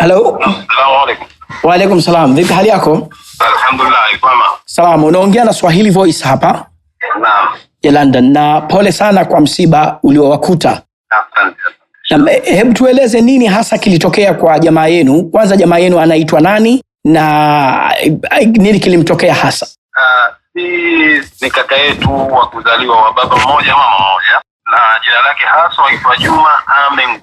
Halo. Salamu alaykum. Wa alaykum salam. Vipi hali yako? Alhamdulillah, kwema. Salamu. Unaongea na Swahili Voice hapa. Naam. Ya London. Na pole sana kwa msiba uliowakuta. Asante. Na hebu tueleze nini hasa kilitokea kwa jamaa yenu? Kwanza jamaa yenu anaitwa nani na eh, nini kilimtokea hasa? Uh, si ni kaka yetu wa kuzaliwa wa baba mmoja mama mmoja jina lake haswa aitwa Juma Ame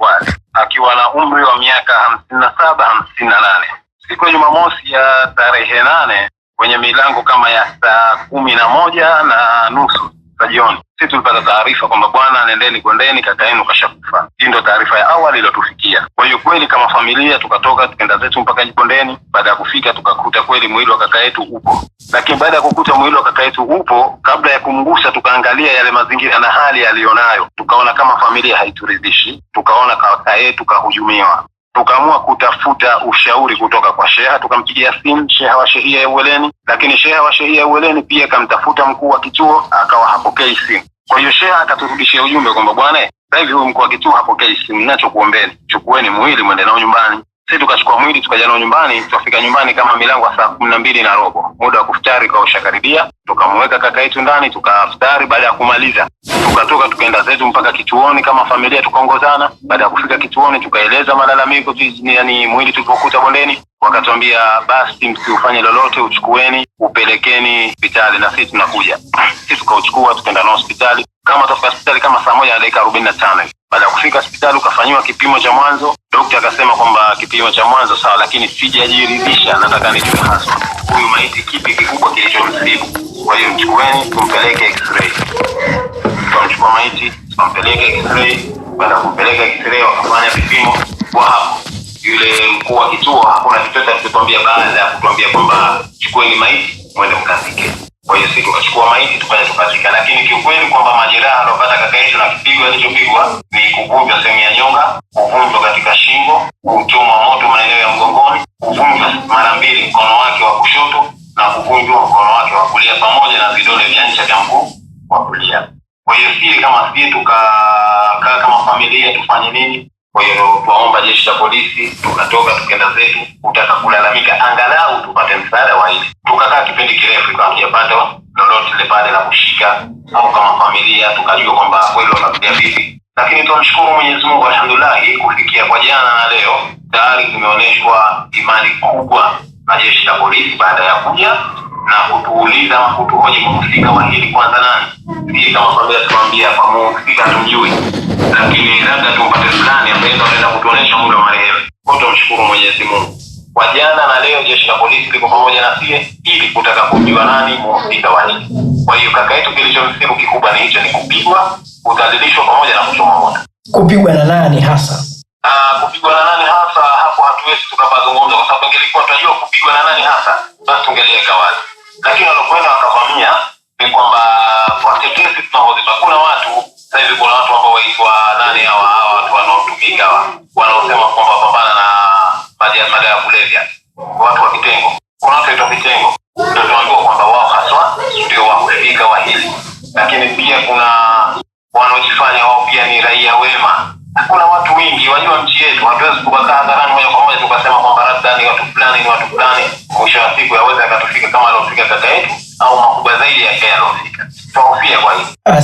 akiwa na umri wa miaka hamsini na saba hamsini na nane siku ya Jumamosi ya tarehe nane kwenye milango kama ya saa kumi na moja na nusu za jioni, sisi tulipata taarifa kwamba bwana, nendeni kondeni, kaka yenu kashakufa. Hii ndio taarifa ya awali iliyotufikia. Kwa hiyo kweli kama familia tukatoka tukaenda zetu mpaka Jikondeni. Baada ya kufika tukakuta kweli mwili wa kaka yetu upo lakini baada ya kukuta mwili wa kaka yetu upo, kabla ya kumgusa, tukaangalia yale mazingira na hali aliyonayo, tukaona kama familia haituridhishi, tukaona kaka yetu kahujumiwa, tukaamua kutafuta ushauri kutoka kwa sheha. Tukampigia simu sheha wa shehia ya Uweleni, lakini sheha wa shehia ya Uweleni pia kamtafuta mkuu wa kituo, akawa hapokei simu. Kwa hiyo sheha akaturudishia ujumbe kwamba bwana, sasa hivi huyu mkuu wa kituo hapokei simu, nachokuombeni chukueni mwili mwende nao nyumbani. Sisi tukachukua mwili tukaja nao nyumbani. Tukafika nyumbani kama milango saa kumi na mbili na robo, muda wa kufutari kwa ushakaribia. Tukamweka kaka yetu ndani tukafutari. Baada ya kumaliza, tukatoka tukaenda zetu mpaka kituoni kama familia, tukaongozana. Baada ya kufika kituoni, tukaeleza malalamiko yani mwili tulipokuta bondeni, wakatuambia basi, msiufanye lolote, uchukueni upelekeni hospitali na sisi tunakuja. Sisi tukauchukua tukaenda nao hospitali kama utafika hospitali kama saa moja na dakika arobaini na tano baada ya kufika hospitali ukafanyiwa kipimo cha mwanzo. Dokta akasema kwamba kipimo cha mwanzo sawa, lakini sijajiridhisha, nataka nijue haswa huyu maiti kipi kikubwa kilichomsibu. Kwa hiyo mchukueni tumpeleke x-ray. Tukamchukua maiti tukampeleka x-ray. Baada ya kumpeleka x-ray wakafanya vipimo kwa hapo. Yule mkuu wa kituo hakuna chochote alichotuambia baada ya kutuambia kwamba chukueni maiti mwende mkazike. Kwa hiyo si tukachukua maiti tukaja tukazika, lakini kiukweli kwa na kipigo alichopigwa ni kuvunjwa sehemu ya nyonga, kuvunjwa katika shingo, kuchomwa moto maeneo ya mgongoni, kuvunjwa mara mbili mkono wake wa kushoto na kuvunjwa mkono wake wa kulia pamoja na vidole vya ncha vya mguu wa kulia. Kwa hiyo sisi kama sisi tukakaa kama familia tufanye nini? Kwa hiyo tuwaomba jeshi la polisi, tukatoka tukenda zetu kutaka kulalamika, angalau tupate msaada wa hili. Tukakaa kipindi kirefu, hatujapata lolote pale la kush kujiridhisha au kama familia tukajua kwamba kweli wamefikia vipi, lakini tunamshukuru Mwenyezi Mungu alhamdulillahi, kufikia kwa jana na leo tayari tumeonyeshwa imani kubwa na jeshi la polisi baada ya kuja na kutuuliza kutuhoji mhusika wa hili kwanza nani. Sisi kama familia tunaambia kwa mhusika tumjui, lakini labda tumpate fulani ambaye anaenda kutuonesha muda wa marehemu. Kwa tunamshukuru kwa jana na leo, jeshi la polisi liko pamoja na sie ili kutaka kujua nani mhusika wa nini. Kwa hiyo kaka yetu, kilichomsibu kikubwa ni hicho, ni kupigwa, kudhalilishwa pamoja na kuchomwa moto. Kupigwa na nani hasa? Ah, kupigwa na nani hasa, hapo hatuwezi tukapazungumza, kwa sababu ingelikuwa tunajua kupigwa na nani hasa, basi tungeliweka wazi, lakini walokwenda wakavamia ni kwamba kwa tetesi tunaozima, kuna watu sasa hivi, kuna watu ambao waitwa nani hawa watu wanaotumika wanaosema area, watu wa vitengo, kuna watu waitwa vitengo, ndio tunajua kwamba wao haswa ndio wahusika wa hili, lakini pia kuna wanaojifanya wao pia ni raia wema. Kuna watu wengi, wajua nchi yetu, hatuwezi tukakaa hadharani moja kwa moja tukasema kwamba labda ni watu fulani ni watu fulani, mwisho wa siku yaweza yakatufika kama aliofika kaka yetu au makubwa zaidi yake yanaofika. Tunahofia kwa hii